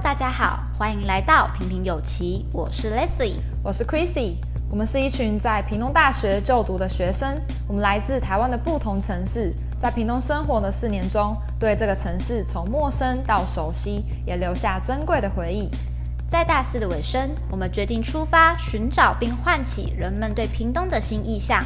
大家好，歡迎來到屏屏有奇，我是 Leslie，我是 Chrissy，我們是一群在屏東大學就讀的學生，我們來自台灣的不同城市，在屏東生活的四年中，對這個城市從陌生到熟悉，也留下珍貴的回憶。在大四的尾聲，我們決定出發，尋找並喚起人們對屏東的新意象。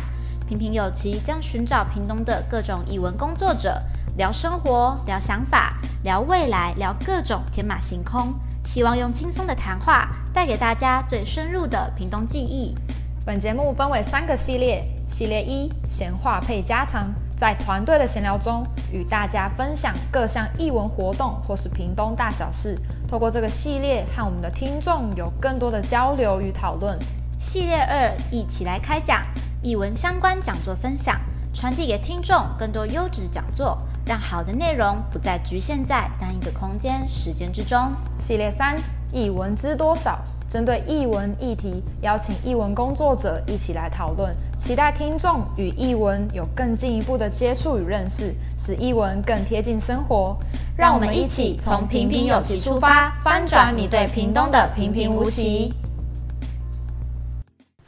屏屏有奇將尋找屏東的各種藝文工作者，聊生活，聊想法。聊未來，聊各種天馬行空，希望用輕鬆的談話帶給大家最深入的屏東記憶。本節目分為三個系列，系列一閒話配家常，在團隊的閒聊中與大家分享各項藝文活動或是屏東大小事，透過這個系列和我們的聽眾有更多的交流與討論。系列二一起來開講，藝文相關講座分享，傳遞給聽眾更多優質講座。讓好的內容不再局限在單一的空間、時間之中。系列三，藝文知多少？針對藝文議題，邀請藝文工作者一起來討論，期待聽眾與藝文有更進一步的接觸與認識，使藝文更貼近生活。讓我們一起從屏屏有奇出發，翻轉你對屏東的平平無奇。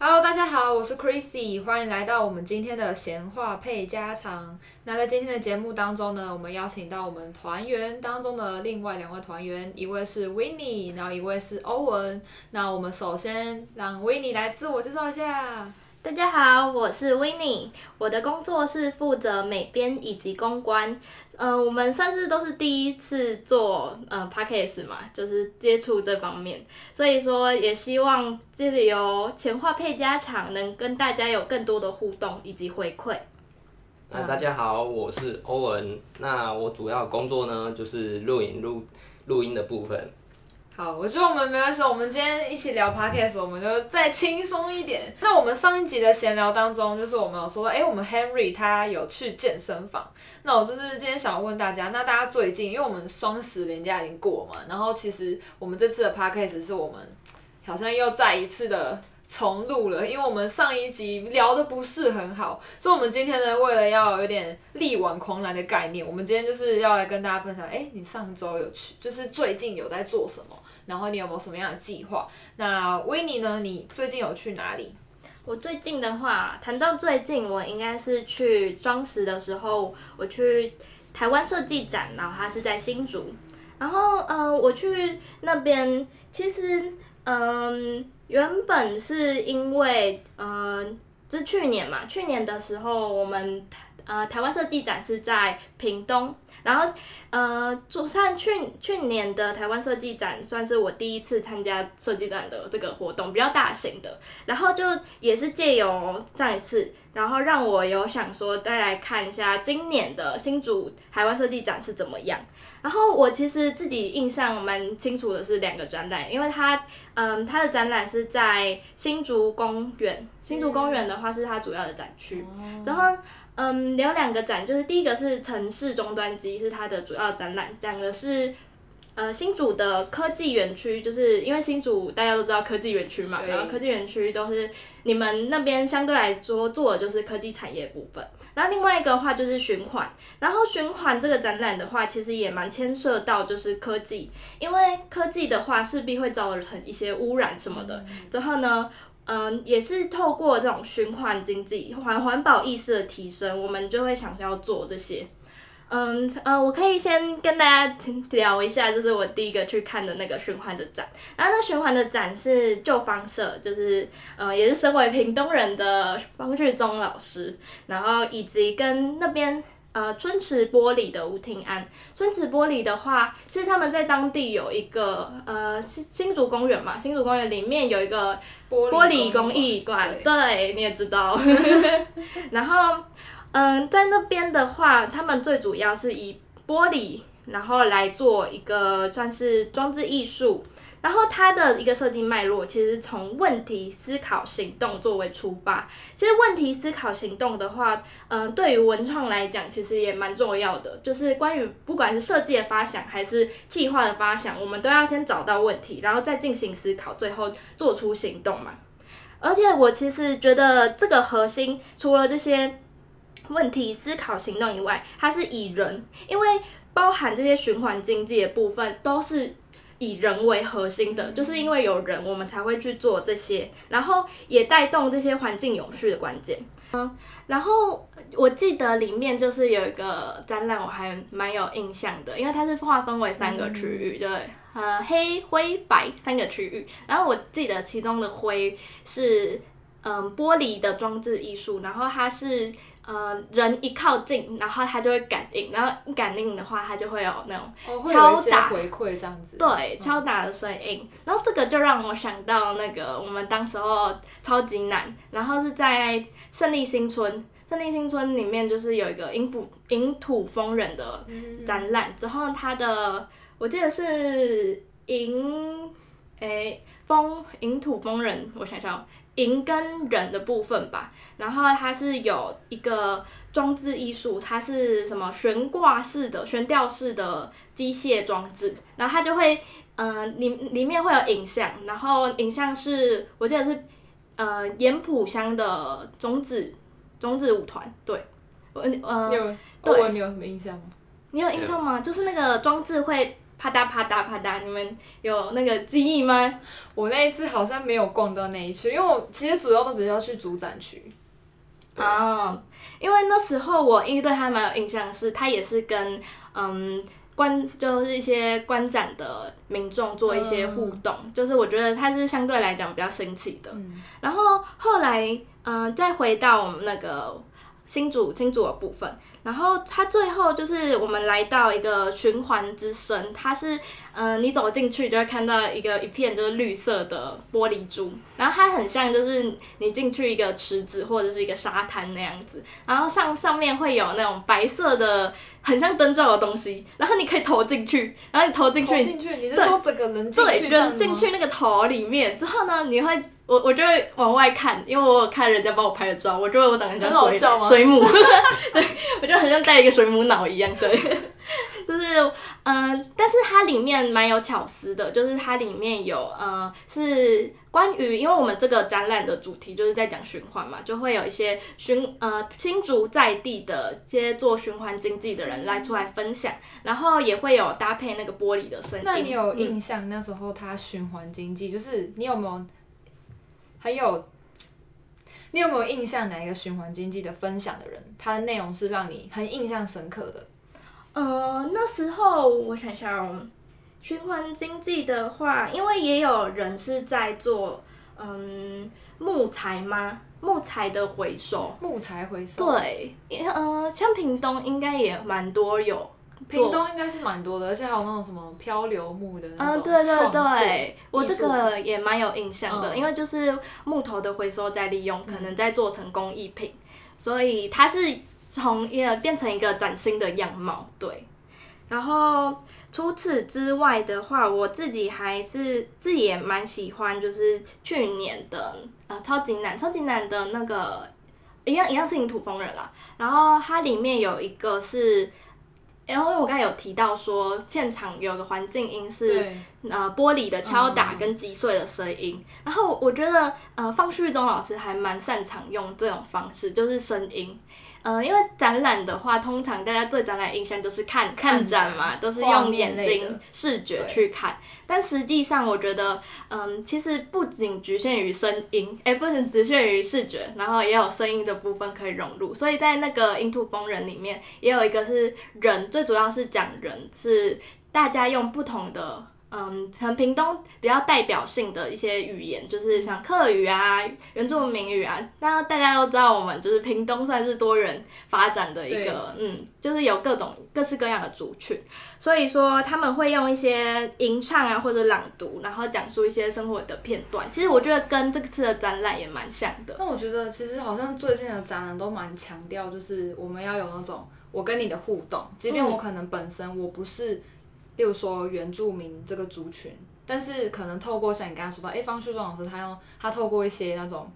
Hello，大家好，我是 Chrissy，歡迎來到我們今天的閒話配家常。那在今天的節目當中呢，我們邀請到我們團員當中的另外兩位團員，一位是 Winnie，然後一位是 Owen。那我們首先讓 Winnie 來自我介紹一下。大家好，我是 Winny，我的工作是負責美編以及公關，呃，我們算是都是第一次做呃 Podcast 嘛，就是接觸這方面，所以說也希望這裡由閒話配家常能跟大家有更多的互動以及回饋。嗯、啊，大家好，我是歐文，那我主要工作呢就是錄影錄錄音的部分。好，我覺得我們沒關係，我們今天一起聊 podcast，我們就再輕鬆一點。那我們上一集的閒聊當中，就是我們有說，哎、欸，我們 Henry 他有去健身房。那我就是今天想要問大家，那大家最近，因為我們雙十連假已經過嘛，然後其實我們這次的 podcast 是我們好像又再一次的重錄了，因為我們上一集聊的不是很好，所以我們今天呢，為了要有點力挽狂瀾的概念，我們今天就是要來跟大家分享，哎、欸，你上周有去，就是最近有在做什麼？然後你有沒有什麼樣的計劃？那威尼呢？你最近有去哪裡？我最近的話，談到最近，我應該是去雙十的時候，我去台灣設計展，然後它是在新竹。然後呃，我去那邊，其實嗯、呃，原本是因為呃，是去年嘛，去年的時候我們呃台灣設計展是在屏東。然後，呃，就算去去年的台灣設計展，算是我第一次參加設計展的這個活動比較大型的。然後就也是借由上一次，然後讓我有想說再來看一下今年的新竹台灣設計展是怎麼樣。然後我其實自己印象蠻清楚的是兩個展覽，因為它，嗯，它的展覽是在新竹公園，新竹公園的話是它主要的展區，嗯、然後。嗯，有兩個展，就是第一個是城市終端機是它的主要展覽，第二個是呃新竹的科技園區，就是因為新竹大家都知道科技園區嘛，對然後科技園區都是你們那邊相對來說做的就是科技產業部分，然後另外一個話就是循環，然後循環這個展覽的話其實也蠻牽涉到就是科技，因為科技的話勢必會造成一些污染什麼的，之後呢。嗯，也是透過這種循環經濟、環環保意識的提升，我們就會想要做這些。嗯，呃、嗯，我可以先跟大家聊一下，就是我第一個去看的那個循環的展。然後，那循環的展是舊方社，就是呃，也是身為屏東人的方志宗老師，然後以及跟那邊。呃，春池玻璃的吳庭安，春池玻璃的話，其實他們在當地有一個呃，新新竹公園嘛，新竹公園裡面有一個玻璃工藝館，藝，對，對，你也知道， 然後嗯，呃，在那邊的話，他們最主要是以玻璃然後來做一個算是裝置藝術。然後它的一個設計脈絡，其實從問題思考行動作為出發。其實問題思考行動的話，嗯、呃，對於文創來講，其實也蠻重要的。就是關於不管是設計的發想還是計劃的發想，我們都要先找到問題，然後再進行思考，最後做出行動嘛。而且我其實覺得這個核心除了這些問題思考行動以外，它是以人，因為包含這些循環經濟的部分都是。以人為核心的，就是因為有人，我們才會去做這些，然後也帶動這些環境永續的關鍵。嗯，然後我記得裡面就是有一個展覽，我還蠻有印象的，因為它是劃分為三個區域，對、嗯，呃黑、灰、白三個區域。然後我記得其中的灰是嗯玻璃的裝置藝術，然後它是。呃，人一靠近，然後它就會感應，然後感應的話，它就會有那種敲打，哦、回饋這樣子。對，敲打的聲音。嗯、然後這個就讓我想到那個我們當時候超級難，然後是在勝利星村，勝利星村裡面就是有一個銀土銀土風人的展覽，之、嗯、後它的我記得是銀誒風銀土風人，我想想。銀跟人的部分吧，然後它是有一個裝置藝術，它是什麼懸掛式的、懸吊式的機械裝置，然後它就會，呃，裡裡面會有影像，然後影像是，我記得是，呃，岩普鄉的種子，種子舞團，對，我，呃，你有對，你有什麼印象嗎？你有印象嗎？就是那個裝置會。啪嗒啪嗒啪嗒！你們有那個記憶嗎？我那一次好像沒有逛到那一區，因為我其實主要都比較去主展區。啊對、哦，因為那時候我因為對他蠻有印象，是他也是跟嗯觀就是一些觀展的民眾做一些互動，嗯、就是我覺得他是相對來講比較新奇的。嗯、然後後來嗯再回到我們那個。新主新主的部分，然後它最後就是我們來到一個循環之聲，它是，呃，你走進去就會看到一個一片就是綠色的玻璃珠，然後它很像就是你進去一個池子或者是一個沙灘那樣子，然後上上面會有那種白色的很像燈罩的東西，然後你可以投進去，然後你投進去，進去，你是說整個人進去，對，對，去，個人進去那個頭裡面之後呢，你會。我我就會往外看，因為我看人家幫我拍的照，我就我長得很像水很水母， 對，我就很像戴一個水母腦一樣，對，就是嗯、呃，但是它裡面蠻有巧思的，就是它裡面有嗯、呃、是關於，因為我們這個展覽的主題就是在講循環嘛，就會有一些循呃新竹在地的一些做循環經濟的人來出來分享，然後也會有搭配那個玻璃的聲音。那你有印象那時候它循環經濟就是你有沒有？還有，你有沒有印象哪一個循環經濟的分享的人？他的內容是讓你很印象深刻的？呃，那時候我想想，循環經濟的話，因為也有人是在做，嗯，木材嗎？木材的回收？木材回收？對，呃，像屏東應該也蠻多有。屏東應該是蠻多的，而且還有那種什麼漂流木的那種創作。嗯，對，對對，我這個也蠻有印象的，嗯、因為就是木頭的回收再利用，可能再做成工藝品，嗯、所以它是從也變成一個嶄新的樣貌，對。然後除此之外的話，我自己還是自己也蠻喜歡，就是去年的呃超級南，超級南的那個一樣一樣是泥土風人啦，然後它裡面有一個是。然後因為我剛才有提到說，現場有個環境音是呃玻璃，的敲打跟擊碎的聲音，然後我覺得呃方旭東老師還蠻擅長用這種方式，就是聲音。嗯、呃，因為展覽的話，通常大家對展覽印象都是看看，看展嘛，都是用眼睛視覺去看。對但實際上，我覺得，嗯，其實不僅局限於聲音，誒、欸、不是只限於視覺，然後也有聲音的部分可以融入。所以在那個 Into 風人裡面，也有一個是人，最主要是講人，是大家用不同的。嗯，像屏東比較代表性的一些語言，就是像客語啊、原住民語啊。那大家都知道，我們就是屏東算是多元發展的一個，對嗯，就是有各種各式各樣的族群。所以說他們會用一些吟唱啊，或者朗讀，然後講述一些生活的片段。其實我覺得跟這次的展覽也蠻像的。那、嗯、我覺得其實好像最近的展覽都蠻強調，就是我們要有那種我跟你的互動，即便我可能本身我不是、嗯。例如說原住民這個族群，但是可能透過像你剛剛說到，哎，方旭莊老師他用他透過一些那種，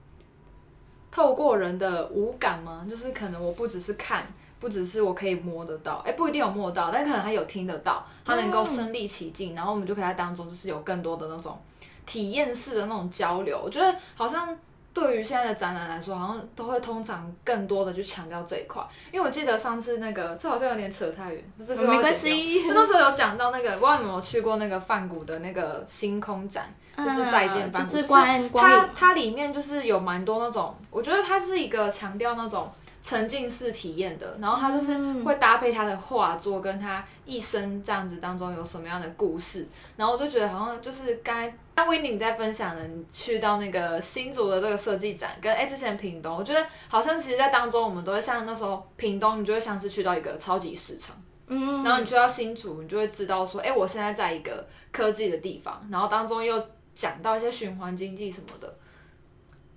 透過人的五感嗎？就是可能我不只是看，不只是我可以摸得到，哎，不一定有摸得到，但可能他有聽得到，他能夠身歷其境，嗯、然後我們就可以在當中就是有更多的那種體驗式的那種交流，我覺得好像。對於現在的展覽來說，好像都會通常更多的去強調這一塊，因為我記得上次那個，這好像有點扯太遠，這 oh, 沒關係，就那時候有講到那個，我有沒有去過那個梵谷的那個星空展，就是再見梵谷，啊，就是，觀觀就是它它裡面就是有蠻多那種，我覺得它是一個強調那種。沉浸式體驗的，然後他就是會搭配他的畫作跟他一生這樣子當中有什麼樣的故事，嗯、然後我就覺得好像就是剛剛阿威你在分享的，你去到那個新竹的這個設計展，跟哎、欸、之前屏東，我覺得好像其實在當中我們都會像那時候屏東，你就會像是去到一個超級市場，嗯，然後你去到新竹，你就會知道說，哎、欸，我現在在一個科技的地方，然後當中又講到一些循環經濟什麼的，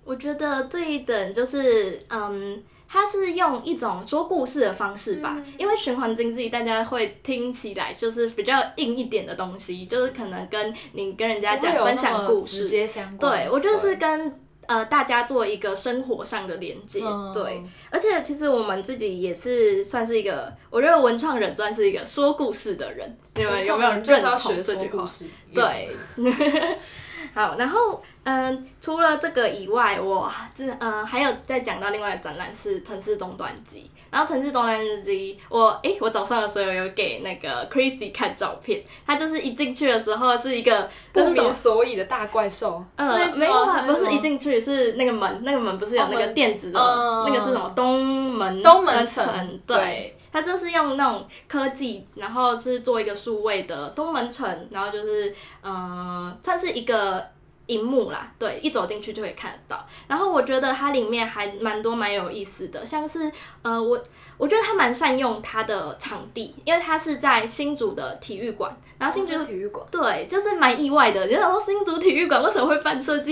我覺得這一點就是嗯。Um, 它是用一種說故事的方式吧，嗯、因為循環經濟大家會聽起來就是比較硬一點的東西，嗯、就是可能跟你跟人家講分享故事，直接相關，對，對，我就是跟呃大家做一個生活上的連接，嗯、對，而且其實我們自己也是算是一個，嗯、我認為文創人算是一個說故事的人，你們有沒有認同這句話？對。 好，然後嗯，除了這個以外，我這嗯，還有再講到另外一個展覽是城市終端機。然後城市終端機，我誒，我早上的時候有給那個 Crazy 看照片，他就是一進去的時候是一個不明所以的大怪獸。嗯，沒有，不是一進去是那個門，那個門不是有那個電子的，哦呃、那個是什麼東門？東門城，東門城對。對他就是用那種科技，然後是做一個數位的東門城，然後就是呃，算是一個。熒幕啦，對，一走進去就可以看得到。然後我覺得它裡面還蠻多蠻有意思的，像是呃我我覺得它蠻善用它的場地，因為它是在新竹的體育館，然後新竹體育館，對，就是蠻意外的，你覺得哦新竹體育館為什麼會辦設計節？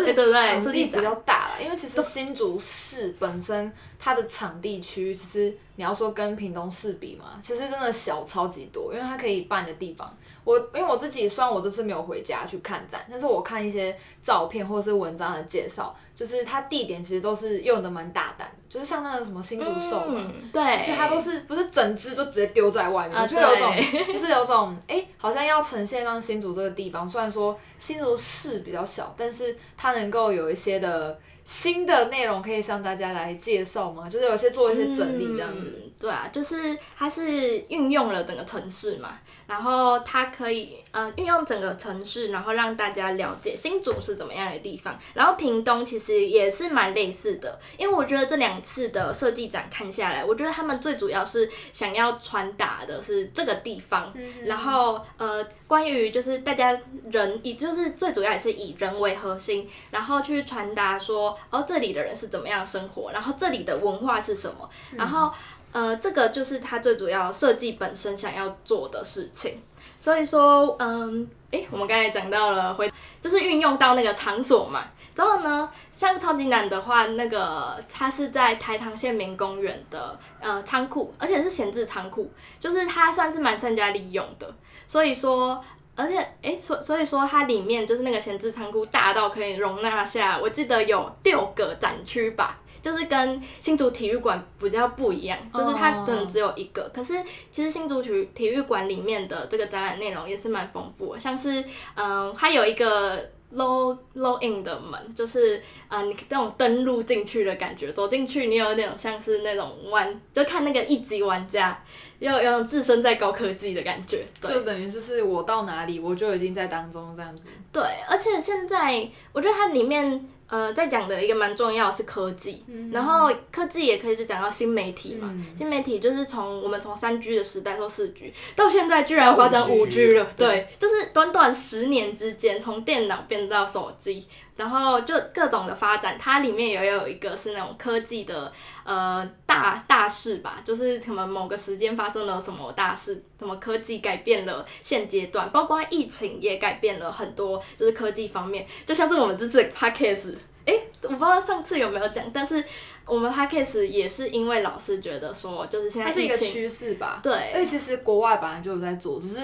對對，場地比較大啦，因為其實新竹市本身它的場地區，其實你要說跟屏東市比嘛，其實真的小超級多，因為它可以辦的地方。我因為我自己雖然，我這次沒有回家去看展，但是我看一些照片或是文章的介紹。就是它地點其實都是用的蠻大膽，就是像那個什麼新竹獸嘛，嗯、對，其實它都是不是整隻就直接丟在外面，啊、就有種對就是有種哎，好像要呈現讓新竹這個地方，雖然說新竹市比較小，但是它能夠有一些的新的內容可以向大家來介紹嘛，就是有一些做一些整理這樣子、嗯。對啊，就是它是運用了整個城市嘛，然後它可以呃運用整個城市，然後讓大家了解新竹是怎麼樣的地方，然後屏東其實。其實也是蠻類似的，因為我覺得這兩次的設計展看下來，我覺得他們最主要是想要傳達的是這個地方，嗯、然後呃關於就是大家人也就是最主要也是以人為核心，然後去傳達說哦，這裡的人是怎麼樣生活，然後這裡的文化是什麼，然後呃這個就是他最主要設計本身想要做的事情，所以說嗯誒，我們剛才講到了回就是運用到那個場所嘛，然後呢。像超級南的話，那個它是在台糖縣民公園的呃倉庫，而且是閒置倉庫，就是它算是蠻善加利用的。所以說，而且哎，所所以說它裡面就是那個閒置倉庫大到可以容納下，我記得有六個展區吧，就是跟新竹體育館比較不一樣，oh. 就是它可能只有一個。可是其實新竹區體育館裡面的這個展覽內容也是蠻豐富的，像是嗯，它、呃、有一個 low low in 的門，就是。啊，你這種登錄進去的感覺，走進去你有點像是那種玩，就看那個一級玩家，要要自身在高科技的感覺，對，就等於就是我到哪裡，我就已經在當中這樣子。對，而且現在我覺得它裡面呃在講的一個蠻重要的是科技，嗯、然後科技也可以是講到新媒體嘛，嗯、新媒體就是從我們從三 G 的時代到四 G，到現在居然發展五 G 了，G, 對，對，就是短短十年之間從電腦變到手機。然後就各種的發展，它裡面也有一個是那種科技的呃大大事吧，就是什麼某個時間發生了什麼大事，什麼科技改變了現階段，包括疫情也改變了很多，就是科技方面，就像是我們這次的 podcast 誒，我不知道上次有沒有講，但是。我們 HK 也是因為老師覺得說，就是現在。它是一個趨勢吧。對。因為其實國外本來就有在做，只是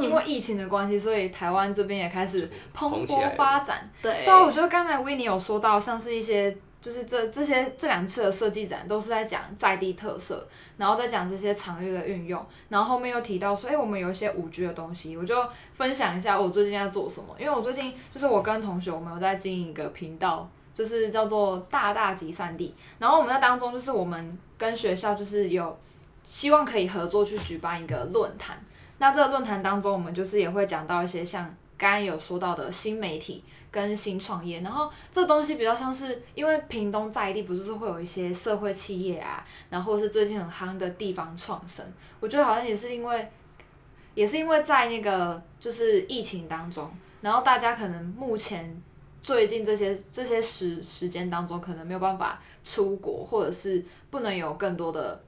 因為疫情的關係，所以台灣這邊也開始蓬勃發展。對。但我覺得剛才 Winnie 有說到，像是一些，就是這這些這兩次的設計展都是在講在地特色，然後在講這些場域的運用，然後後面又提到說，哎，我們有一些五 G 的東西，我就分享一下我最近在做什麼，因為我最近就是我跟同學我們有在經營一個頻道。就是叫做大大集散地，然後我們在當中就是我們跟學校就是有希望可以合作去舉辦一個論壇。那這個論壇當中，我們就是也會講到一些像剛剛有說到的新媒體跟新創業。然後這東西比較像是，因為屏東在地不就是說會有一些社會企業啊，然後是最近很夯的地方創生。我覺得好像也是因為，也是因為在那個就是疫情當中，然後大家可能目前。最近這些這些時時間當中，可能沒有辦法出國，或者是不能有更多的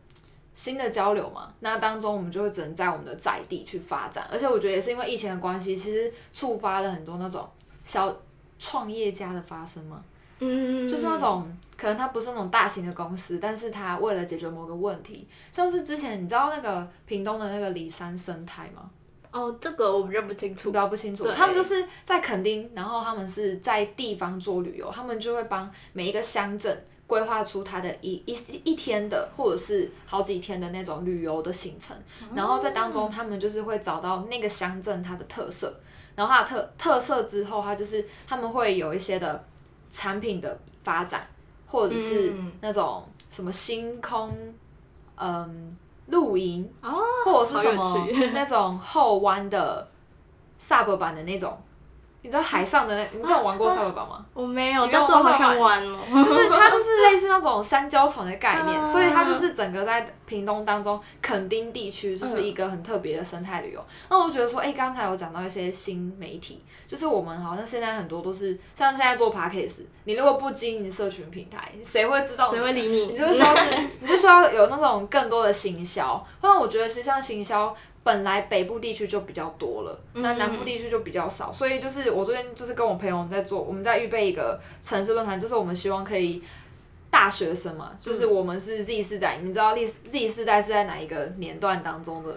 新的交流嘛。那當中我們就會只能在我們的在地去發展，而且我覺得也是因為疫情的關係，其實觸發了很多那種小創業家的發生嘛。嗯，就是那種可能他不是那種大型的公司，但是他為了解決某個問題，像是之前你知道那個屏東的那個里山生態嗎？哦，oh, 這個我們認不清楚，比較不清楚。搞不清楚，他們就是在墾丁，然後他們是在地方做旅遊，他們就會幫每一個鄉鎮規劃出他的一一一天的，或者是好幾天的那種旅遊的行程。嗯、然後在當中，他們就是會找到那個鄉鎮它的特色，然後它的特特色之後，它就是他們會有一些的，產品的發展，或者是那種什麼星空，嗯。嗯露營，或者是什麼那種後彎的 Sub 版的那種。你知道海上的那？啊、你知道玩過沙堡嗎、啊？我沒有，你沒有但是我好想玩哦。就是它就是類似那種香蕉船的概念，嗯、所以它就是整個在屏東當中墾丁地區就是一個很特別的生態旅遊。嗯、那我覺得說，哎、欸，剛才有講到一些新媒體，就是我們好像現在很多都是像現在做 Podcast 你如果不經營社群平台，誰會知道？誰會理你？你就需要， 你就需要有那種更多的行銷。不然我覺得是像，其實行銷。本來北部地區就比較多了，那南部地區就比較少，嗯嗯嗯，所以就是我昨天就是跟我朋友我們在做，我們在預備一個城市論壇，就是我們希望可以大學生嘛，嗯、就是我們是 Z 世代，你知道 Z Z 世代是在哪一個年段當中的？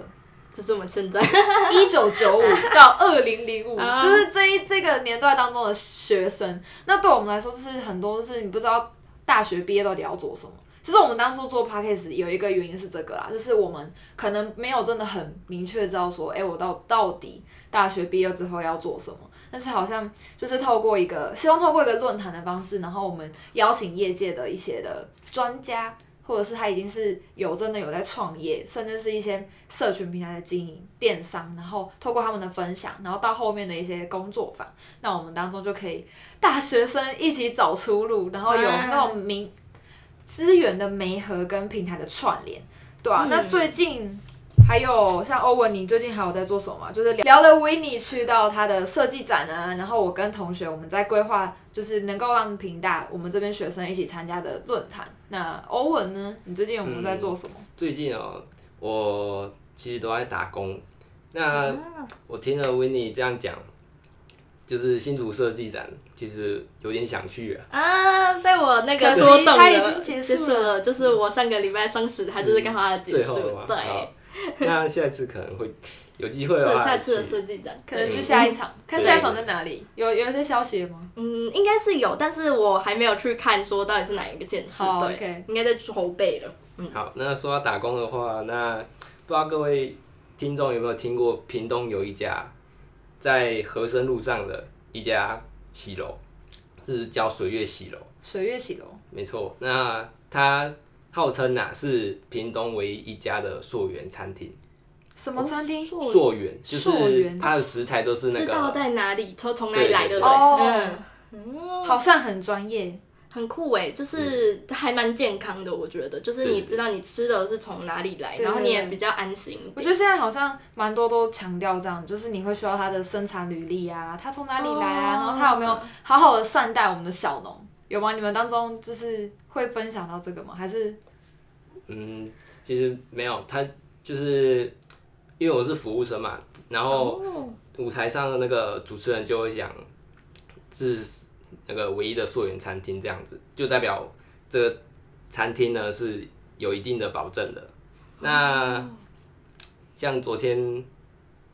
就是我們現在一九九五到二零零五，就是這一這個年段當中的學生，那對我們來說就是很多就是，你不知道大學畢業到底要做什麼。其實我們當初做 podcast 有一個原因是這個啦，就是我們可能沒有真的很明確知道說，哎，我到到底大學畢業之後要做什麼。但是好像就是透過一個，希望透過一個論壇的方式，然後我們邀請業界的一些的專家，或者是他已經是有真的有在創業，甚至是一些社群平台的經營電商，然後透過他們的分享，然後到後面的一些工作坊，那我們當中就可以大學生一起找出路，然後有那種明。哎哎資源的媒合跟平台的串聯，對啊。嗯、那最近還有像歐文，你最近還有在做什麼？就是聊了 Winnie 去到他的設計展啊，然後我跟同學我們在規劃，就是能夠讓屏大我們這邊學生一起參加的論壇。那歐文呢？你最近有沒有在做什麼，嗯？最近哦，我其實都在打工。那我聽了 Winnie 這樣講。就是新竹設計展，其實有點想去啊。啊，被我那個說動了。它已經結束了，就是我上個禮拜雙十他就是剛好要結束。嗯、對。那下一次可能會有機會的話，下一次的設計展，可能去下一場，對嗯、看下一場在哪裡，對有有一些消息嗎？嗯，應該是有，但是我還沒有去看，說到底是哪一個縣市。對。好，OK。應該在籌備了。嗯，好，那說到打工的話，那不知道各位聽眾有沒有聽過，屏東有一家。在和生路上的一家喜樓，這是叫水月喜樓。水月喜樓，沒錯。那它號稱吶、啊、是屏東唯一一家的溯源餐廳。什麼餐廳？哦、溯源，溯源就是它的食材都是那個。知道在哪裡？從哪裡來的對對對。哦，嗯嗯、好像很專業。很酷哎、欸，就是還蠻健康的，我覺得。嗯、就是你知道你吃的是從哪裡來，對然後你也比較安心。我覺得現在好像蠻多都強調這樣，就是你會需要他的生產履歷啊，他從哪裡來啊，哦、然後他有沒有好好的善待我們的小農，有嗎？你們當中就是會分享到這個嗎？還是？嗯，其實沒有，他就是因為我是服務生嘛，然後舞臺上的那個主持人就會講，是。那個唯一的溯源餐廳這樣子，就代表這個餐廳呢是有一定的保證的。那、oh. 像昨天，誒、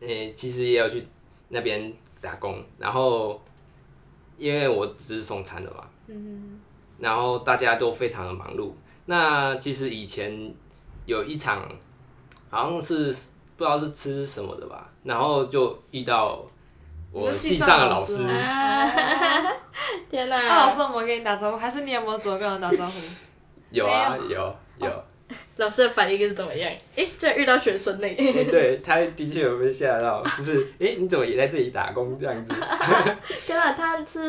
欸，其實也有去那邊打工，然後因為我只是送餐的嘛，嗯、mm，hmm. 然後大家都非常的忙碌。那其實以前有一場，好像是不知道是吃什麼的吧，然後就遇到。我系上了老師、啊，天哪！那、啊、老師，我沒跟你打招呼，還是你有沒主動跟我打招呼？ 有啊 有，有，有。哦老師的反應是怎麼樣？誒、欸，竟然遇到學生嘞！哎、欸，對，他的確有被嚇到， 就是誒、欸，你怎麼也在這裡打工這樣子？哈 對啊，他是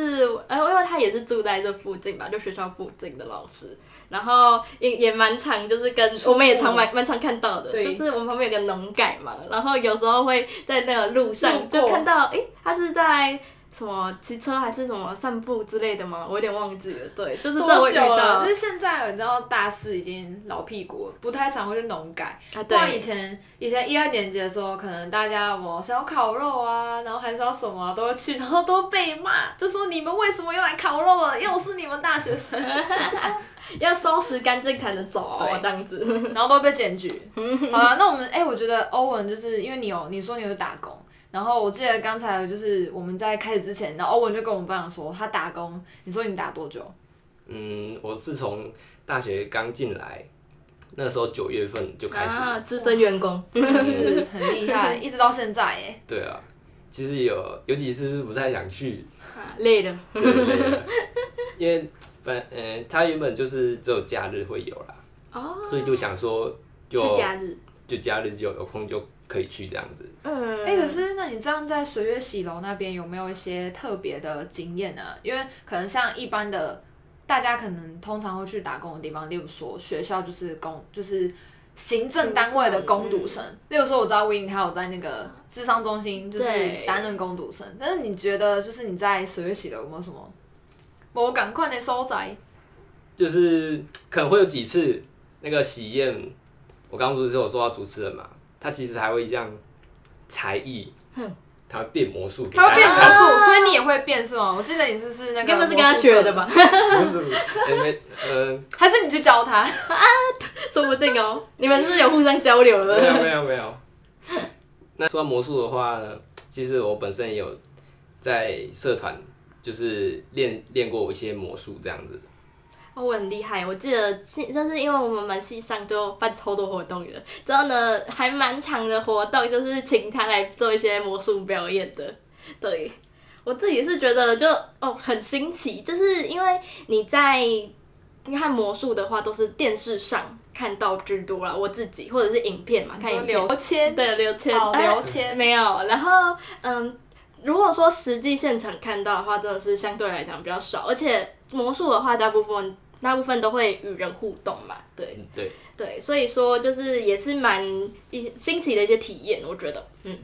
呃，因為他也是住在這附近吧，就學校附近的老師，然後也也蠻常就是跟我們也常蠻蠻過常看到的，對就是我們旁邊有個農改嘛，然後有時候會在那個路上就看到，誒過、欸，他是在。什麼騎車還是什麼散步之類的嗎？我有點忘記了。對，就是這我多久了？其實現在你知道大四已經老屁股了，不太常會去農改。啊不對。像以前以前一二年級的時候，可能大家我想要烤肉啊，然後還是要什麼、啊、都會去，然後都被罵，就說你們為什麼又來烤肉了？又是你們大學生， 要收拾乾淨才能走對這樣子，然後都被檢舉。嗯。 好了、啊，那我們哎、欸，我覺得歐文就是因為你有你說你有打工。然後我記得剛才就是我們在開始之前，然後歐文就跟我們班長說，他打工，你說你打多久？嗯，我是從大學剛進來，那時候九月份就開始。啊，資深員工真的是很厲害， 一直到現在哎。對啊，其實有有幾次是不太想去。累了了。對，累了 因為反嗯、呃，他原本就是只有假日會有啦，哦，所以就想說就假日就假日就有空就。可以去這樣子。嗯、欸，可是那你這樣在水月喜樓那邊有沒有一些特別的經驗呢、啊？因為可能像一般的大家可能通常會去打工的地方，例如說學校就是工就是行政單位的工讀生。嗯、例如說我知道 Win 他有在那個諮商中心，就是擔任工讀生，對但是你覺得就是你在水月喜樓有沒有什麼我趕快的收窄？就是可能會有幾次那個喜宴，我剛不是說我說到主持人嘛？他其實還會這樣才藝，他變魔術給。他哼會變魔術，啊、所以你也會變是嗎？我記得你就是，是那個。根本是跟他學的吧？ 不是，欸、沒，呃、還是你去教他啊？說不定哦、喔， 你們是，是有互相交流的。沒有沒有沒有。那說到魔術的話呢，其實我本身也有在社團就是練練過一些魔術這樣子。哦，我很厲害，我記得，就是因為我們系上就辦超多活動的，之後呢還蠻長的活動，就是請他來做一些魔術表演的。對，我自己是覺得就哦很新奇，就是因為你在你看魔術的話都是電視上看到居多了，我自己或者是影片嘛，看影片。劉謙。對，劉謙。老劉謙、啊、沒有，然後嗯。如果說實際現場看到的話，真的是相對來講比較少，而且魔術的話，大部分大部分都會與人互動嘛，對、嗯、對對，所以說就是也是蠻一新奇的一些體驗，我覺得，嗯。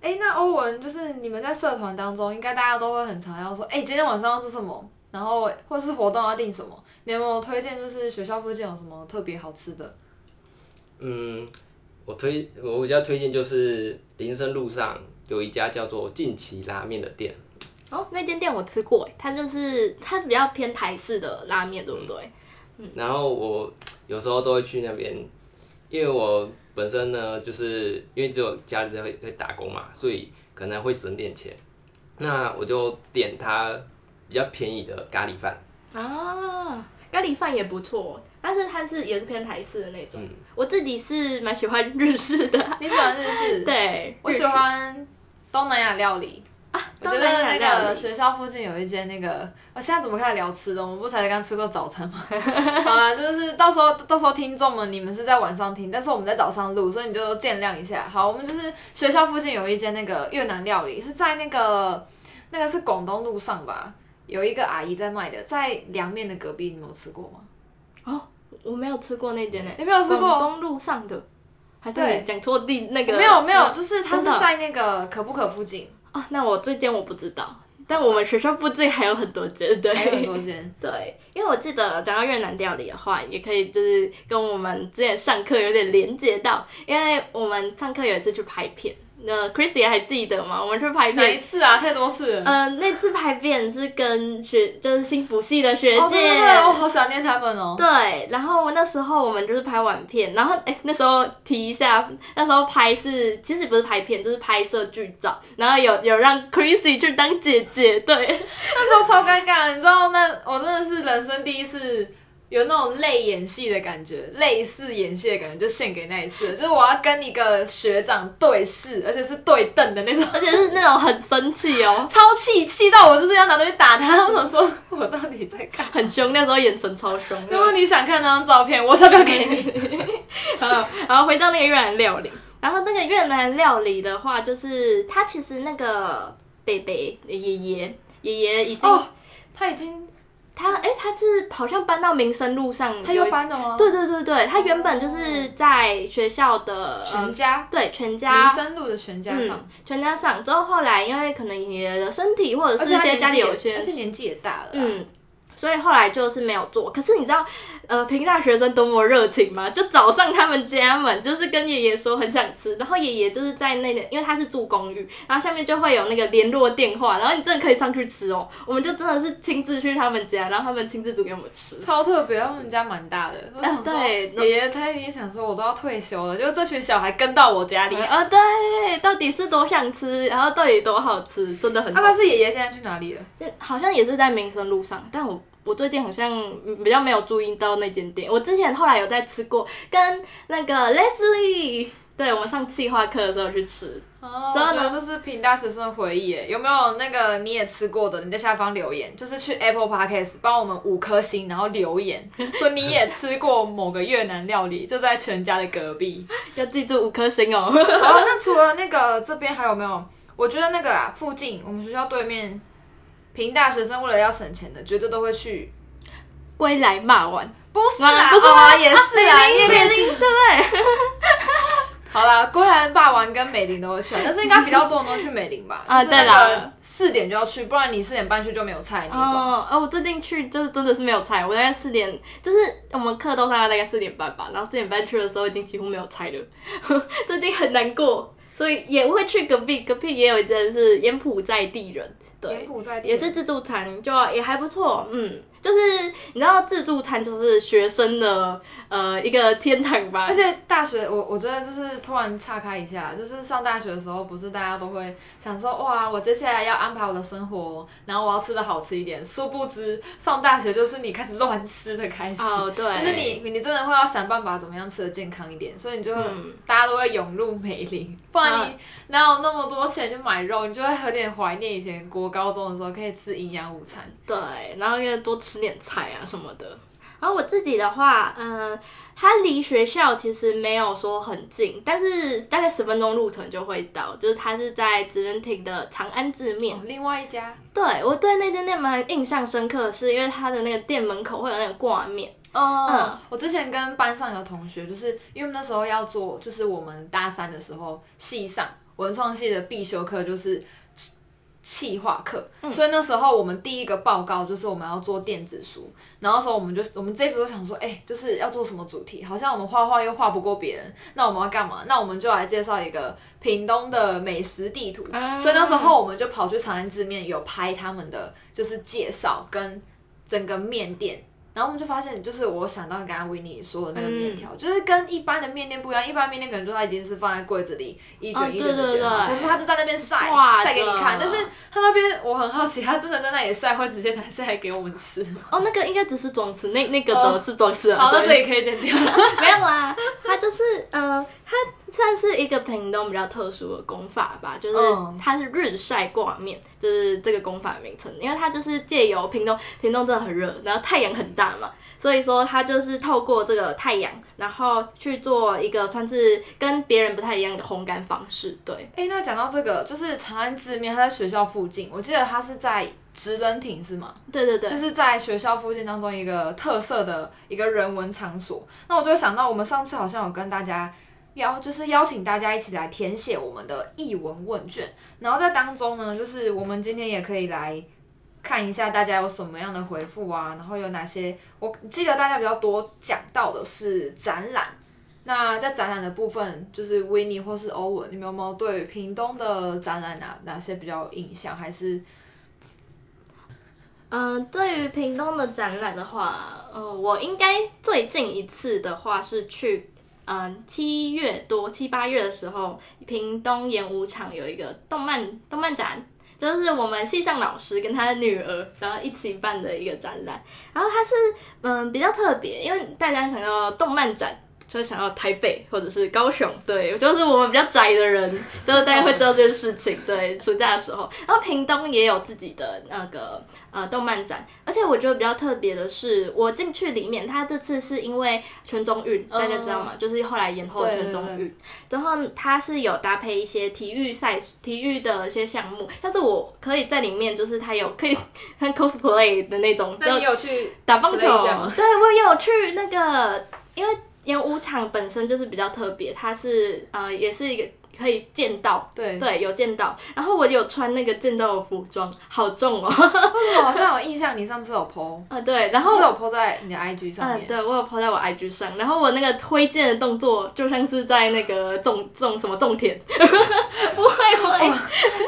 哎、欸，那歐文，就是你們在社團當中，應該大家都會很常要說，哎、欸，今天晚上要吃什麼，然後或是活動要定什麼，你有沒有推薦？就是學校附近有什麼特別好吃的？嗯，我推我比較推薦就是林森路上。有一家叫做近期拉麵的店。哦，那間店我吃過，它就是它比較偏台式的拉麵，對不對？嗯。然後我有時候都會去那邊，因為我本身呢，就是因為只有家裡人會會打工嘛，所以可能會省點錢。那我就點它比較便宜的咖喱飯。啊，咖喱飯也不錯，但是它是也是偏台式的那種。嗯，我自己是蠻喜歡日式的。 你喜歡日式？對，我喜歡。東南亞料理啊，理我覺得那個學校附近有一間那個，我、哦、現在怎麼開始聊吃的？ 我們不才剛吃過早餐嗎？好了、啊，就是到時候到時候聽眾們你們是在晚上聽，但是我們在早上錄，所以你就見諒一下。好，我們就是學校附近有一間那個越南料理，是在那個那個是廣東路上吧？有一個阿姨在賣的，在涼麵的隔壁，你們有吃過嗎？哦，我沒有吃過那間呢、欸，你、欸、沒有吃過、哦？廣東路上的。還是講錯地那個？沒有對沒有，麼就是它是在那個可不可附近。哦，那我這間我不知道，但我們學校附近還有很多間。對。還有很多間。對，因為我記得講到越南料理的話，也可以就是跟我們之前上課有點連接到，因為我們上課有一次去拍片。那、呃、Chrissy 還記得嗎？我們去拍片。哪一次啊？太多次。呃，那次拍片是跟學，就是新福系的學姐。 哦、對對對，我好想念他們哦。對，然後那時候我們就是拍完片，然後誒，那時候提一下，那時候拍是其實不是拍片，就是拍攝劇照，然後有有讓 Chrissy 去當姐姐，對。 那時候超尷尬，你知道，那我真的是人生第一次。有那種淚演戲的感覺，類似演戲的感覺，就獻給那一次，就是我要跟一個學長對視，而且是對瞪的那種，而且是那種很生氣哦，超氣，氣到我就是要拿東西打他。我想說， 我到底在看？很凶，那時候眼神超凶。如果你想看那張照片，我才不要給你。然後然後回到那個越南料理。然後那個越南料理的話，就是他其實那個北北，爺爺、爺爺已經、哦，他已經。他哎，他、欸、是好像搬到民生路上。他又搬了嗎？對對對對，他原本就是在學校的全家，嗯、對全家民生路的全家上、嗯，全家上，之後後來因為可能也身體或者是一些家裡有些，年紀，年紀也大了，嗯，所以後來就是沒有做。可是你知道？呃，屏大學生多麼熱情嘛，就早上他們家嘛，就是跟爺爺說很想吃，然後爺爺就是在那個，因為他是住公寓，然後下面就會有那個聯絡電話，然後你真的可以上去吃哦，我們就真的是親自去他們家，然後他們親自煮給我們吃，超特別，他們家蠻大的，呃、對，爺爺他也想說我都要退休了，就這群小孩跟到我家裡，嗯、啊對，對，對，對，對，對，對，對，到底是多想吃，然後到底多好吃，真的很好，那但、啊、是爺爺現在去哪裡了？這好像也是在民生路上，但我。我最近好像比較沒有注意到那間店，我之前後來有在吃過，跟那個 Leslie 對，我們上企劃課的時候去吃。哦、oh,。真的，這是屏大學生的回憶耶。有沒有那個你也吃過的？你在下方留言，就是去 Apple Podcast 幫我們五顆星，然後留言說你也吃過某個越南料理， 就在全家的隔壁。要記住五顆星哦。好 ，oh, 那除了那個這邊還有沒有？我覺得那個、啊、附近，我們學校對面。屏大學生為了要省錢的，絕對都會去歸來罵碗，不是啦，不是啦，啊、也是啦，因為美玲對不對？ 好啦，歸來霸碗跟美玲都會去，但是應該比較多人都去美玲吧？嗯、啊，對啦，四點就要去，不然你四點半去就沒有菜那種。哦，哦，我最近去就真的是沒有菜，我在四點，就是我們課都上到大概四點半吧，然後四點半去的時候已經幾乎沒有菜了， 最近很難過，所以也會去隔壁，隔壁也有一間是鹽埔在地人。對也是自助餐，就、啊、也還不錯，嗯。就是你知道自助餐就是學生的呃一個天堂吧，而且大學我我覺得就是突然岔開一下，就是上大學的時候不是大家都會想說哇我接下來要安排我的生活，然後我要吃的好吃一點，殊不知上大學就是你開始亂吃的開始。哦對，就是你你真的會要想辦法怎麼樣吃得健康一點，所以你就、嗯、大家都會湧入美林，不然你、啊、哪有那麼多錢去買肉，你就會有點懷念以前國高中的時候可以吃營養午餐，對，然後因為多吃。吃點菜啊什麼的。然後我自己的話，嗯、呃，它離學校其實沒有說很近，但是大概十分鐘路程就會到。就是它是在 z e 亭的長安製麵、哦。另外一家？對，我對那間店蠻印象深刻，是因為它的那個店門口會有那種掛麵。哦，嗯、我之前跟班上有同學，就是因為我們那時候要做，就是我們大三的時候，系上文創系的必修課就是。企劃課，嗯、所以那時候我們第一個報告就是我們要做電子書，然後時候我們就我們這時候想說，哎、欸，就是要做什麼主題？好像我們畫畫又畫不過別人，那我們要幹嘛？那我們就來介紹一個屏東的美食地圖，嗯、所以那時候我們就跑去長安製麵有拍他們的就是介紹跟整個麵店。然後我們就發現，就是我想到剛剛維尼說的那個麵條，嗯、就是跟一般的麵店不一樣，一般的麵店可能就它已經是放在櫃子裡一卷一卷的卷，可、哦、是它就在那邊曬，着曬給你看。但是它那邊我很好奇，它真的在那裡曬會直接拿下來給我們吃？哦，那個應該只是裝飾，那那個都是裝飾、啊。呃、對好，那這裡可以剪掉了。 沒有啊，它就是嗯、呃它算是一個屏東比較特殊的工法吧，就是它是日曬掛麵，嗯、就是這個工法的名稱，因為它就是借由屏東，屏東真的很熱，然後太陽很大嘛，所以說它就是透過這個太陽，然後去做一個算是跟別人不太一樣的烘乾方式。對，哎、欸，那講到這個，就是長安製麵，它在學校附近，我記得它是在職人町是嗎？對對對，就是在學校附近當中一個特色的一個人文場所。那我就想到我們上次好像有跟大家。邀，就是邀請大家一起來填寫我們的藝文問卷，然後在當中呢，就是我們今天也可以來看一下大家有什麼樣的回復啊，然後有哪些，我記得大家比較多講到的是展覽。那在展覽的部分，就是維尼或是歐文，你們有沒有對於屏東的展覽哪、啊、哪些比較有印象？還是？嗯、呃，對於屏東的展覽的話，呃，我應該最近一次的話是去。嗯，七月多七八月的時候，屏東演武場有一個動漫動漫展，就是我們系上老師跟他的女兒然後一起辦的一個展覽。然後它是嗯比較特別，因為大家想要動漫展。就想要台北或者是高雄，對，就是我們比較宅的人，都大家會知道這件事情，對，暑假的時候，然後屏東也有自己的那個呃動漫展，而且我覺得比較特別的是，我進去裡面，它這次是因為全中運，嗯、大家知道嗎？就是後來延後全中運，對對對對然後它是有搭配一些體育賽、體育的一些項目，但是我可以在裡面，就是它有可以看 cosplay 的那種，那你有去打棒球？對我有去那個，因為。因為武場本身就是比較特別，它是呃，也是一個。可以見到，對，對，有見到，然後我有穿那個見到的服裝，好重哦。我 好像有印象？你上次有 po？啊，對，然後有 po 在你的 IG 上面。嗯、對，我有 po 在我 IG 上，然後我那個揮劍的動作就像是在那個種種 什麼種田 不。不會不會，oh。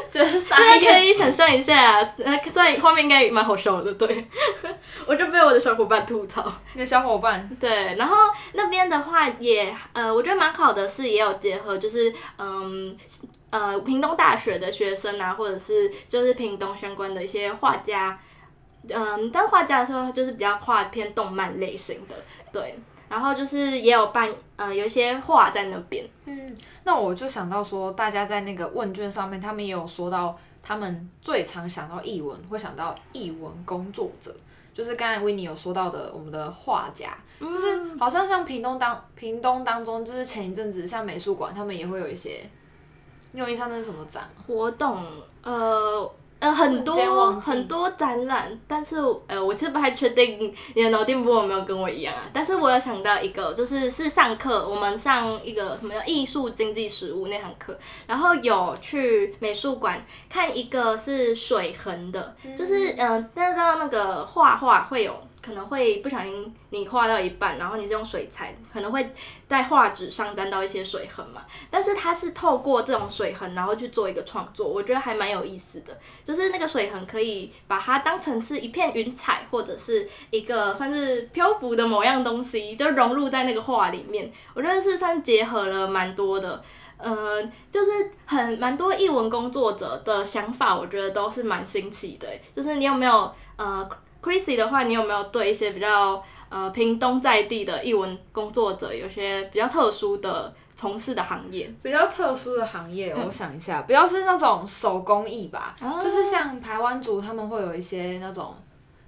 覺得傻眼。現在可以想象一下、啊，在畫面應該蠻好笑的，對。 我就被我的小夥伴吐槽。你的小夥伴？對，然後那邊的話也呃，我覺得蠻好的是也有結合就是呃。嗯，呃，屏東大學的學生啊，或者是就是屏東相關的一些畫家，嗯，當畫家的時候就是比較畫偏動漫類型的，對，然後就是也有辦呃有一些畫在那邊。嗯，那我就想到說，大家在那個問卷上面，他們也有說到，他們最常想到藝文，會想到藝文工作者。就是剛才維尼有說到的，我們的畫家，就、嗯、是好像像屏東當屏東當中，就是前一陣子像美術館，他們也會有一些，你有印象那是什麼展？活動，呃。呃，很多很多展覽，但是，呃，我其實不太確定你的腦電波有沒有跟我一樣啊？但是，我有想到一個，就是是上課，我們上一個什麼叫藝術經濟實務那堂課，然後有去美術館看一個是水痕的，嗯、就是，嗯、呃，但是到那個畫畫會有。可能會不小心你畫到一半，然後你這種水彩，可能會在畫紙上沾到一些水痕嘛。但是它是透過這種水痕，然後去做一個創作，我覺得還蠻有意思的。就是那個水痕可以把它當成是一片雲彩，或者是一個算是漂浮的某樣東西，就融入在那個畫裡面。我覺得是算結合了蠻多的，嗯、呃，就是很蠻多藝文工作者的想法，我覺得都是蠻新奇的。就是你有沒有呃？Crissy 的話，你有沒有對一些比較呃屏東在地的藝文工作者有些比較特殊的從事的行業？比較特殊的行業，嗯、我想一下，不要是那種手工藝吧，嗯、就是像台灣族他們會有一些那種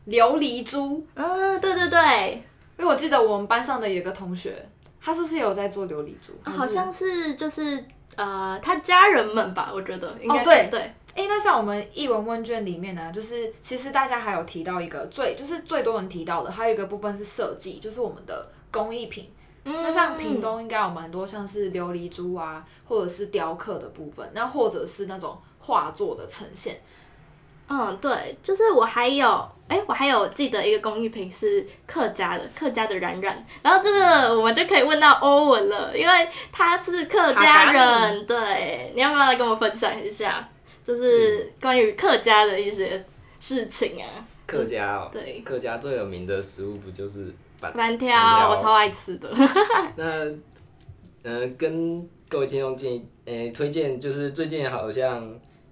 琉璃珠。呃、嗯，對對對，因為我記得我們班上的有一個同學，他是不是有在做琉璃珠？好像是就是呃他家人們吧，我覺得應該、哦、對。對欸，那像我們藝文問卷裡面呢，就是其實大家還有提到一個最，就是最多人提到的，還有一個部分是設計，就是我們的工藝品。嗯。那像屏東應該有蠻多像是琉璃珠啊，或者是雕刻的部分，那或者是那種畫作的呈現。嗯，對，就是我還有，哎，我還有記得一個工藝品是客家的客家的冉冉。然後這個我們就可以問到歐文了，因為他是客家人，對，你要不要來跟我分享一下？就是關於客家的一些事情啊。客家哦。對。客家最有名的食物不就是板？板條，我超愛吃的。那，嗯，跟各位聽眾建議，誒，推薦就是最近好像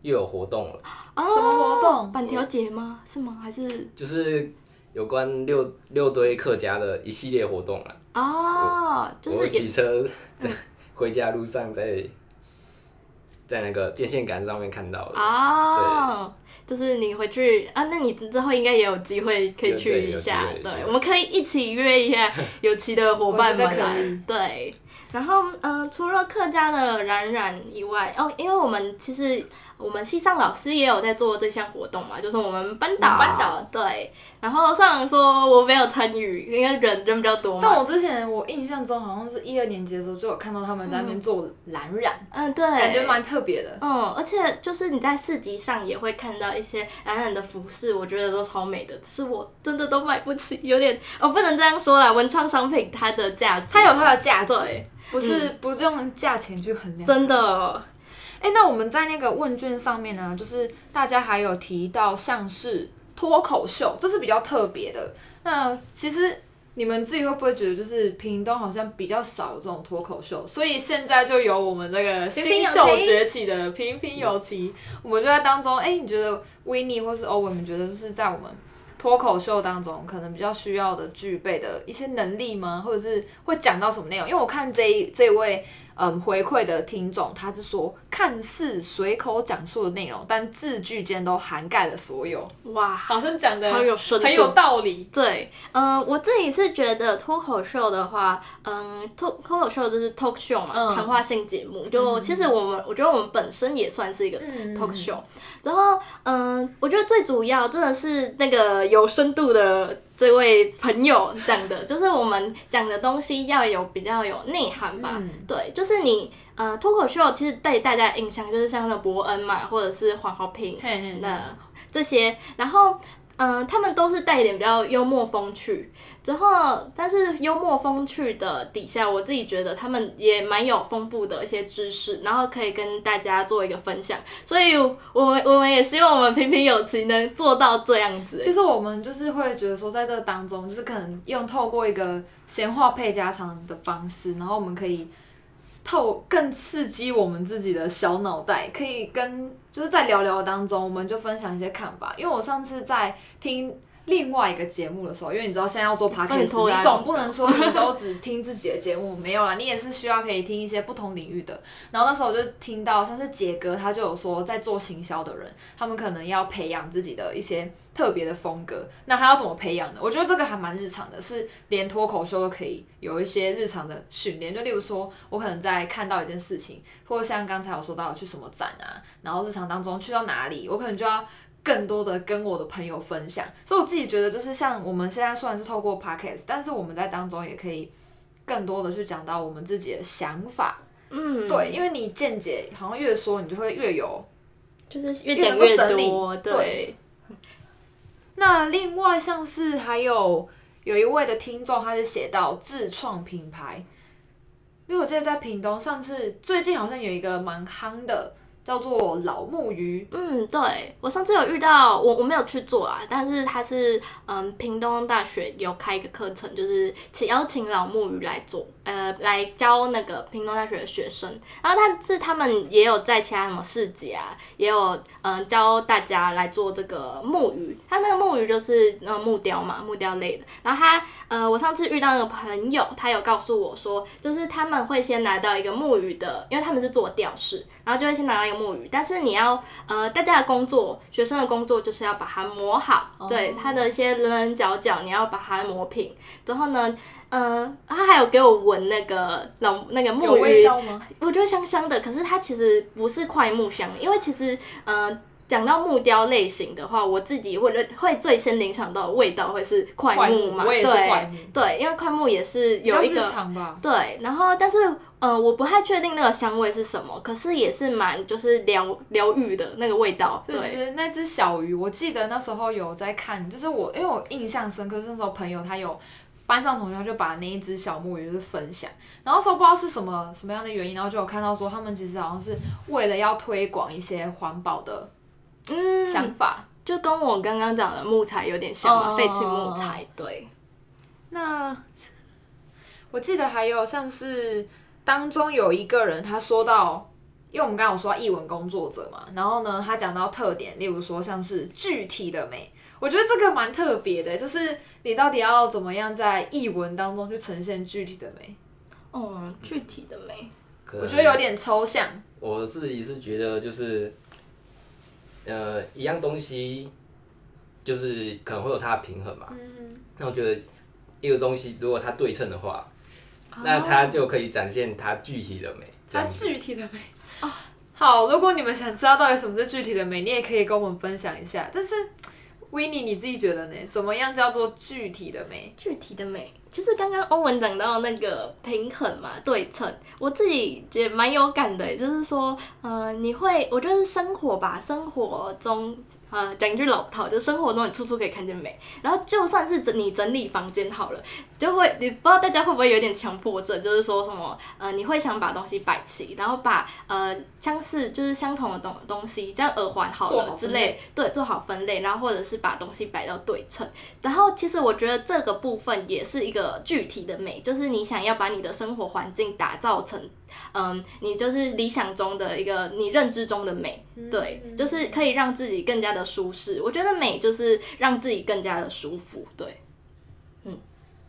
又有活動了。什麼活動？板條節嗎？是嗎？還是？就是有關六六堆客家的一系列活動啊。哦，就是。我騎車在回家路上在。在那個電線桿上面看到了，哦、oh, 對，就是你回去啊，那你之後應該也有機會可以去一下，對，一下對，我們可以一起約一下有奇的夥伴們， 可能對。然後嗯，除了客家的染染、以外，哦，因為我們其實我們系上老師也有在做這項活動嘛，就是我們班導班導，對。然後雖然說我沒有參與，因為人人比較多嘛。但我之前我印象中好像是一二年級的時候就有看到他們在那邊做染染，嗯、嗯對，感覺蠻特別的。嗯，而且就是你在市集上也會看到一些染染的服飾，我覺得都超美的，但是我真的都買不起，有點哦，不能這樣說啦，文創商品它的價值，它有它的價值。不是、嗯、不是用價錢去衡量，真的。哎、欸，那我們在那個問卷上面呢、啊，就是大家還有提到像是脫口秀，這是比較特別的。那其實你們自己會不會覺得，就是屏東好像比較少這種脫口秀，所以現在就有我們這個新秀崛起的屏屏有奇，屏屏有我們就在當中。哎、欸，你覺得維尼或是歐文，你覺得就是在我們？脫口秀當中可能比較需要的具備的一些能力嗎？或者是會講到什麼內容？因為我看這一這一位，嗯，回饋的聽眾他是說，看似隨口講述的內容，但字句間都涵蓋了所有。哇，好像講的，好有深度，很有道理。對，嗯、呃，我自己是覺得脫口秀的話，嗯，脫脫口秀就是 talk show 嘛，嗯、談話性節目。就其實我們，嗯、我覺得我們本身也算是一個 talk show。嗯、然後，嗯，我覺得最主要真的是那個有深度的。這位朋友講的， 就是我們講的東西要有比較有內涵吧。嗯、對，就是你呃，脫口秀其實對大家印象就是像那個博恩嘛，或者是黃豪平嘿嘿嘿那這些，然後。嗯，他們都是帶一點比較幽默風趣，之後但是幽默風趣的底下，我自己覺得他們也蠻有豐富的一些知識，然後可以跟大家做一個分享，所以我們我們也希望我們屏屏有奇能做到這樣子。其實我們就是會覺得說，在這個當中，就是可能用透過一個閒話配家常的方式，然後我們可以透更刺激我們自己的小腦袋，可以跟。就是在聊聊當中，我們就分享一些看法。因為我上次在聽。另外一個節目的時候，因為你知道現在要做 podcast，你總不能說你都只聽自己的節目， 沒有啦，你也是需要可以聽一些不同領域的。然後那時候我就聽到像是傑哥他就有說，在做行銷的人，他們可能要培養自己的一些特別的風格，那他要怎麼培養呢？我覺得這個還蠻日常的，是連脫口秀都可以有一些日常的訓練。就例如說我可能在看到一件事情，或者像剛才我說到去什麼展啊，然後日常當中去到哪裡，我可能就要。更多的跟我的朋友分享，所以我自己覺得就是像我們現在雖然是透過 Podcast，但是我們在當中也可以更多的去講到我們自己的想法，嗯，對，因為你見解好像越說你就會越有，就是越講越、越、越多，對、對。那另外像是還有有一位的聽眾他是寫到自創品牌，因為我記得在屏東上次最近好像有一個蠻夯的。叫做老木魚，嗯，對，我上次有遇到我，我沒有去做啊，但是他是嗯，屏東大學有開一個課程，就是請邀請老木魚來做，呃，來教那個屏東大學的學生，然後他是他們也有在其他什麼市集啊，也有嗯教大家來做這個木魚，他那個木魚就是呃木雕嘛，木雕類的，然後他呃我上次遇到那個朋友，他有告訴我說，就是他們會先拿到一個木魚的，因為他們是做吊飾，然後就會先拿到一個。沐浴，但是你要呃，大家的工作，學生的工作就是要把它磨好，Oh. 對他的一些稜稜角角，你要把它磨平。然後呢，呃，他還有給我聞那個老那，那個沐浴嗎，我覺得香香的，可是它其實不是檜木香，因為其實呃。講到木雕類型的話，我自己會會最先聯想到的味道會是檜木嘛，木對對，因為檜木也是有一個日常對，然後但是呃我不太確定那個香味是什麼，可是也是蠻就是療療癒的那個味道。就是那隻小魚，我記得那時候有在看，就是我因為我印象深刻，那時候朋友他有班上同學就把那一隻小木魚是分享，然後說不知道是什麼什麼樣的原因，然後就有看到說他們其實好像是為了要推廣一些環保的。想法就跟我剛剛講的木材有點像嘛，廢棄、oh, 木材對。那我記得還有像是當中有一個人他說到，因為我們剛剛有說到藝文工作者嘛，然後呢他講到特點，例如說像是具體的美，我覺得這個蠻特別的，就是你到底要怎麼樣在藝文當中去呈現具體的美？哦，oh, 具體的美，我覺得有點抽象。我自己是覺得就是。呃，一樣東西就是可能會有它的平衡嘛。嗯。那我覺得一個東西如果它對稱的話，哦、那它就可以展現它具體的美。它具體的美、啊、具體的美。啊，好，如果你們想知道到底什麼是具體的美，你也可以跟我們分享一下。但是。維尼，你自己覺得呢？怎麼樣叫做具體的美？具體的美，其實剛剛歐文講到那個平衡嘛，對稱。我自己也蠻有感的，就是說，嗯，你會，我就是生活吧，生活中。呃講一句老套，就生活中你處處可以看見美。然後就算是整你整理房間好了，就會你不知道大家會不會有點強迫症，就是說什麼呃你會想把東西擺齊，然後把呃相似就是相同的東東西，像耳環好了之類，對，做好分類，然後或者是把東西擺到對稱。然後其實我覺得這個部分也是一個具體的美，就是你想要把你的生活環境打造成。嗯，um, 你就是理想中的一個，你認知中的美，嗯、對，嗯、就是可以讓自己更加的舒適。我覺得美就是讓自己更加的舒服，對。嗯，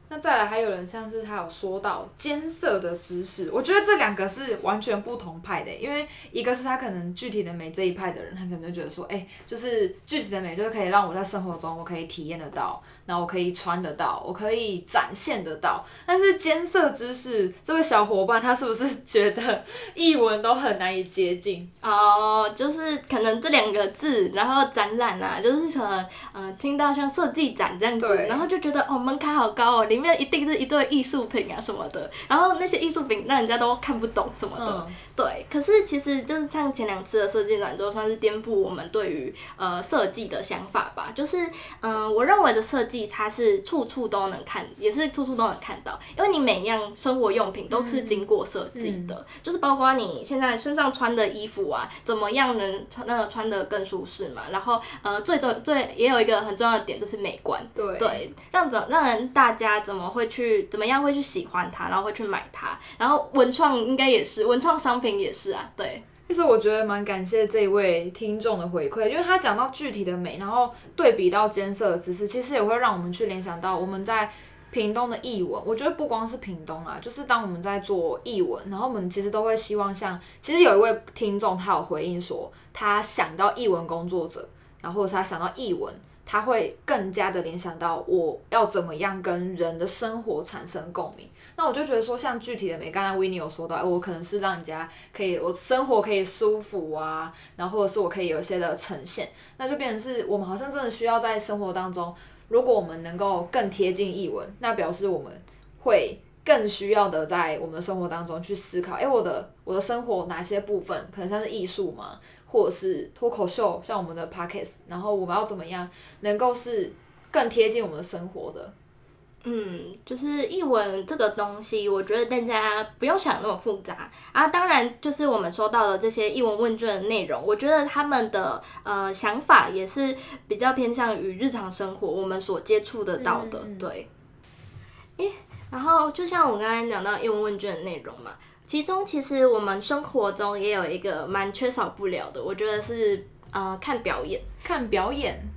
那再來還有人像是他有說到艱澀的知識，我覺得這兩個是完全不同派的，因為一個是他可能具體的美這一派的人，他可能就覺得說，誒，就是具體的美，就是可以讓我在生活中我可以體驗得到。那我可以穿得到，我可以展現得到。但是艱澀知識，這位小伙伴他是不是覺得藝文都很難以接近？哦，就是可能這兩個字，然後展覽啊，就是可能嗯聽到像設計展這樣子，對然後就覺得哦門檻好高哦，裡面一定是一堆藝術品啊什麼的。然後那些藝術品，讓人家都看不懂什麼的。嗯、對，可是其實就是像前兩次的設計展，就算是顛覆我們對於呃設計的想法吧。就是嗯、呃，我認為的設計。它是處處都能看，也是處處都能看到，因為你每一樣生活用品都是經過設計的，嗯嗯、就是包括你現在身上穿的衣服啊，怎麼樣能穿那個穿得更舒適嘛，然後呃，最重最也有一個很重要的點就是美觀，對,對，讓讓人大家怎麼會去怎麼樣會去喜歡它，然後會去買它，然後文創應該也是文創商品也是啊，對。其實我覺得蠻感謝這一位聽眾的回饋，因為他講到具體的美，然後對比到艱澀的知識，其實也會讓我們去聯想到我們在屏東的藝文。我覺得不光是屏東啊，就是當我們在做藝文，然後我們其實都會希望像，其實有一位聽眾他有回應說，他想到藝文工作者，然後是他想到藝文。他會更加的聯想到我要怎麼樣跟人的生活產生共鳴。那我就覺得說，像具體的，沒剛才 Winnie 有說到，我可能是讓人家可以我生活可以舒服啊，然後或者是我可以有一些的呈現，那就變成是我們好像真的需要在生活當中，如果我們能夠更貼近藝文，那表示我們會。更需要的，在我們的生活當中去思考。誒，我的我的生活哪些部分可能像是藝術嘛，或者是脫口秀，像我們的 podcast，然後我們要怎麼樣能夠是更貼近我們的生活的？嗯，就是藝文這個東西，我覺得大家不用想那麼複雜啊。當然，就是我們收到的這些藝文問卷的內容，我覺得他們的呃想法也是比較偏向於日常生活我們所接觸得到的。嗯、對，誒。然後就像我剛才講到英文問卷的內容嘛，其中其實我們生活中也有一個蠻缺少不了的，我覺得是呃，看表演，看表演。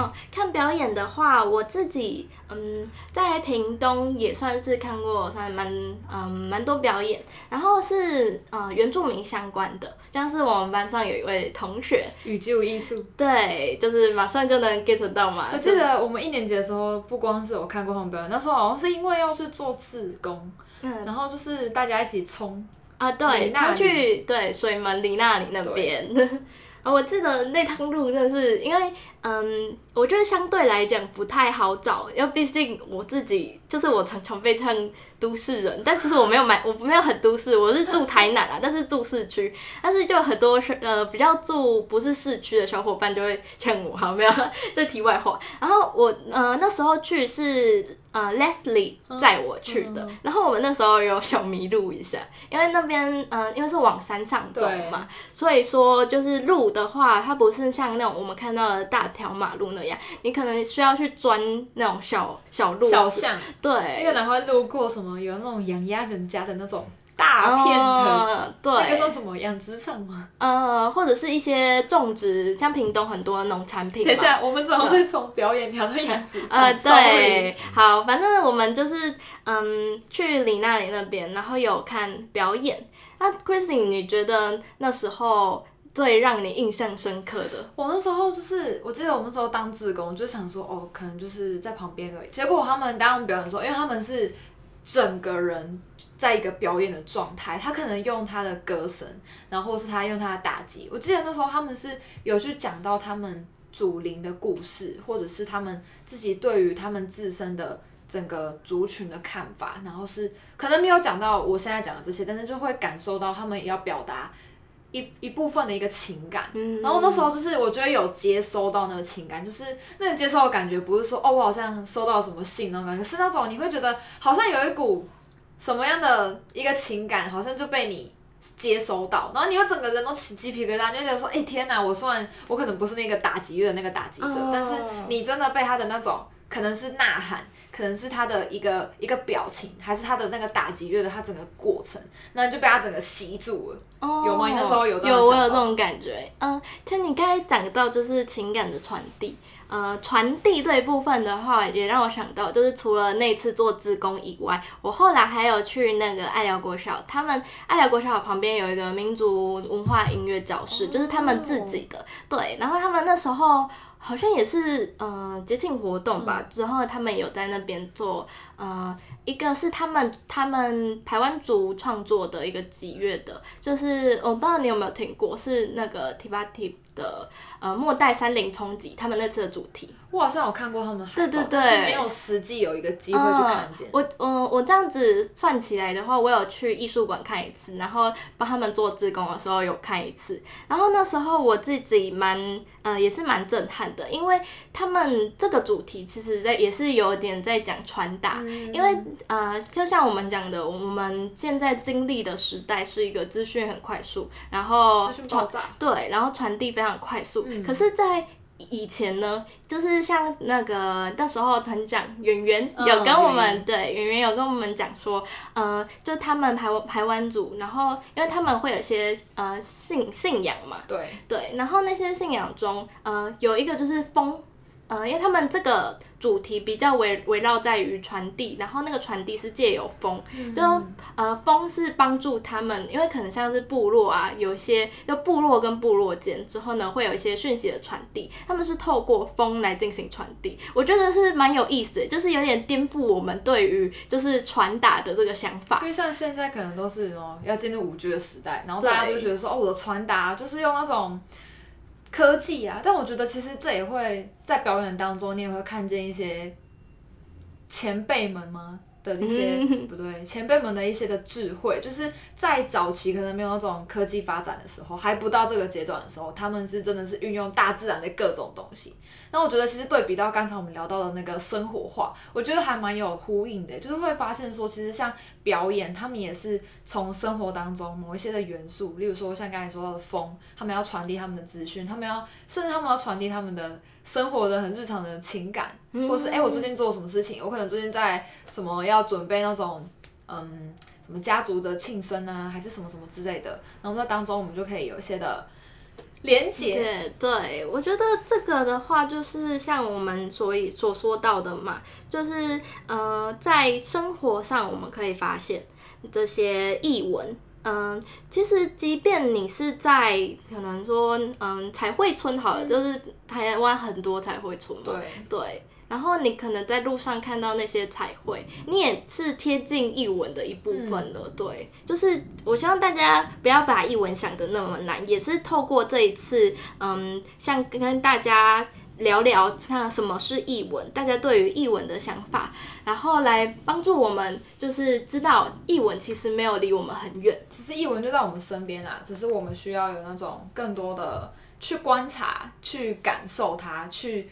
哦、看表演的話，我自己嗯在屏東也算是看過，算蠻嗯蠻多表演。然後是嗯、呃、原住民相關的，像是我們班上有一位同學。語之藝術。對，就是馬上就能 get 到嘛。我記得我們一年級的時候，不光是我看過他們表演，那時候好像是因為要去做志工，嗯、然後就是大家一起衝啊，對，然後去對水門禮納里那邊對、 哦。我記得那趟路就是因為。嗯，我覺得相對來講不太好找，因為畢竟我自己就是我常常被稱都市人，但其實我沒有買，我沒有很都市，我是住台南啊， 但是住市區，但是就很多呃比較住不是市區的小夥伴就會勸我，好沒有，這 題外話。然後我呃那時候去是呃 Leslie 帶我去的，嗯，然後我們那時候有小迷路一下，因為那邊呃因為是往山上走嘛，對所以說就是路的話，它不是像那種我們看到的大。條馬路那樣，你可能需要去鑽那種小小路、小巷，對。那個人會路過什麼，有那種養鴨人家的那種大片的、哦，對。那叫什麼養殖場嗎？呃，或者是一些種植，像屏東很多農產品。等一下，我們怎麼會從表演聊到養殖場對、呃？對，嗯、好，反正我們就是嗯去李娜林那邊，然後有看表演。那 Christine，你覺得那時候？最讓你印象深刻的，我那時候就是，我記得我那時候當志工，我就想說，哦，可能就是在旁邊而已。結果他們當表演的時候，因為他們是整個人在一個表演的狀態，他可能用他的歌聲，然後是他用他的打擊。我記得那時候他們是有去講到他們祖靈的故事，或者是他們自己對於他們自身的整個族群的看法，然後是可能沒有講到我現在講的這些，但是就會感受到他們也要表達。一一部分的一個情感，然後那時候就是我覺得有接收到那個情感，嗯、就是那個接受的感覺不是說哦，我好像收到了什麼信那種、個、感覺，是那種你會覺得好像有一股什麼樣的一個情感好像就被你接收到，然後你會整個人都起雞皮疙瘩，就覺得說哎天哪，我雖然我可能不是那個打擊樂的那個打擊者，哦、但是你真的被他的那種。可能是吶喊，可能是他的一個一個表情，還是他的那個打擊樂的他整個過程，那就被他整個吸住了。哦，oh, 有嗎？你那時候有這種感覺？有我有這種感覺。嗯、呃，就你剛才講到就是情感的傳遞，呃，傳遞這一部分的話，也讓我想到，就是除了那次做志工以外，我後來還有去那個愛聊國小，他們愛聊國小旁邊有一個民族文化音樂教室，oh, no. 就是他們自己的。對，然後他們那時候。好像也是呃節慶活動吧，嗯、之後他們有在那邊做呃，一個是他們他們排灣族創作的一個幾月的，就是我不知道你有沒有聽過，是那個提巴提。的呃末代三菱衝擊，他們那次的主題，哇，好像我有看過他們，對對對，沒有實際有一個機會去看見。嗯我嗯，我這樣子算起來的話，我有去藝術館看一次，然後幫他們做志工的時候有看一次，然後那時候我自己蠻呃也是蠻震撼的，因為他們這個主題其實在也是有點在講傳達，嗯、因為呃就像我們講的，我們現在經歷的時代是一個資訊很快速，然後資訊爆炸對，然後傳遞非常。快速，嗯、可是，在以前呢，就是像那個那時候的團長圓圓有跟我們，對，圓圓有跟我們講說，呃，就他們排排灣族，然後因為他們會有些呃信信仰嘛，對對，然後那些信仰中，呃，有一個就是風，呃，因為他們這個。主題比較圍圍繞在於傳遞，然後那個傳遞是借由風，嗯、就呃風是幫助他們，因為可能像是部落啊，有一些就部落跟部落間之後呢，會有一些訊息的傳遞，他們是透過風來進行傳遞，我覺得是蠻有意思的，就是有點顛覆我們對於就是傳達的這個想法。因為像現在可能都是哦、嗯，要進入五 G 的時代，然後大家就覺得說對哦，我的傳達就是用那種。科技啊，但我覺得其實這也會在表演當中，你也會看見一些前輩們嗎？的一些 不對，前輩們的一些的智慧，就是在早期可能沒有那種科技發展的時候，還不到這個階段的時候，他們是真的是運用大自然的各種東西。那我覺得其實對比到剛才我們聊到的那個生活化，我覺得還蠻有呼應的，就是會發現說，其實像表演，他們也是從生活當中某一些的元素，例如說像剛才說到的風，他們要傳遞他們的資訊，他們要甚至他們要傳遞他們的。生活的很日常的情感，或是哎、欸，我最近做了什麼事情？Mm hmm. 我可能最近在什麼要準備那種，嗯，什麼家族的慶生啊，還是什麼什麼之類的。然後在當中，我們就可以有一些的連結。Okay, 對，我覺得這個的話，就是像我們所以所說到的嘛，就是呃，在生活上我們可以發現這些藝文。.嗯，其實即便你是在可能說，嗯，彩繪村好了，嗯，就是台灣很多彩繪村，對對。對。然後你可能在路上看到那些彩繪，你也是貼近藝文的一部分了。嗯、對，就是我希望大家不要把藝文想得那麼難，也是透過這一次，嗯，像跟大家聊聊看什麼是藝文，大家對於藝文的想法，然後來幫助我們就是知道藝文其實沒有離我們很遠，其實藝文就在我們身邊啦、啊，只是我們需要有那種更多的去觀察、去感受它，去。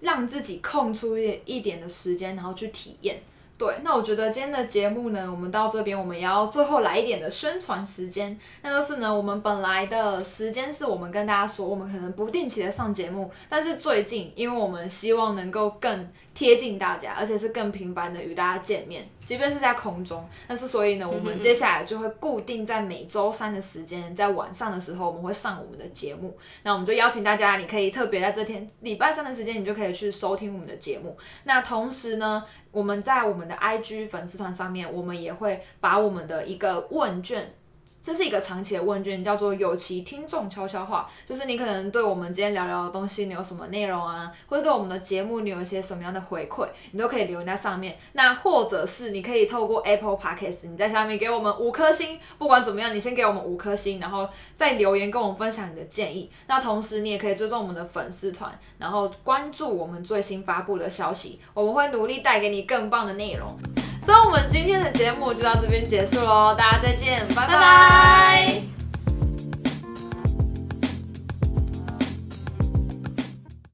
讓自己空出一一點的時間，然後去體驗。對，那我覺得今天的節目呢，我們到這邊，我們也要最後來一點的宣傳時間。那就是呢，我們本來的時間是我們跟大家說，我們可能不定期的上節目，但是最近，因為我們希望能夠更貼近大家，而且是更頻繁的與大家見面，即便是在空中。但是所以呢，我們接下來就會固定在每周三的時間，在晚上的時候，我們會上我們的節目。那我們就邀請大家，你可以特別在這天禮拜三的時間，你就可以去收聽我們的節目。那同時呢，我們在我們的 IG 粉絲團上面，我們也會把我們的一個問卷。這是一個長期的問卷，叫做“有奇聽眾悄悄話”，就是你可能對我們今天聊聊的東西，你有什麼內容啊，或者對我們的節目你有一些什麼樣的回饋，你都可以留言在上面。那或者是你可以透過 Apple Podcasts，你在下面給我們五顆星，不管怎麼樣，你先給我們五顆星，然後再留言跟我們分享你的建議。那同時你也可以追蹤我們的粉絲團，然後關注我們最新發布的消息，我們會努力帶給你更棒的內容。所以，我們今天的節目就到這邊結束嘍，大家再見，拜拜。拜拜。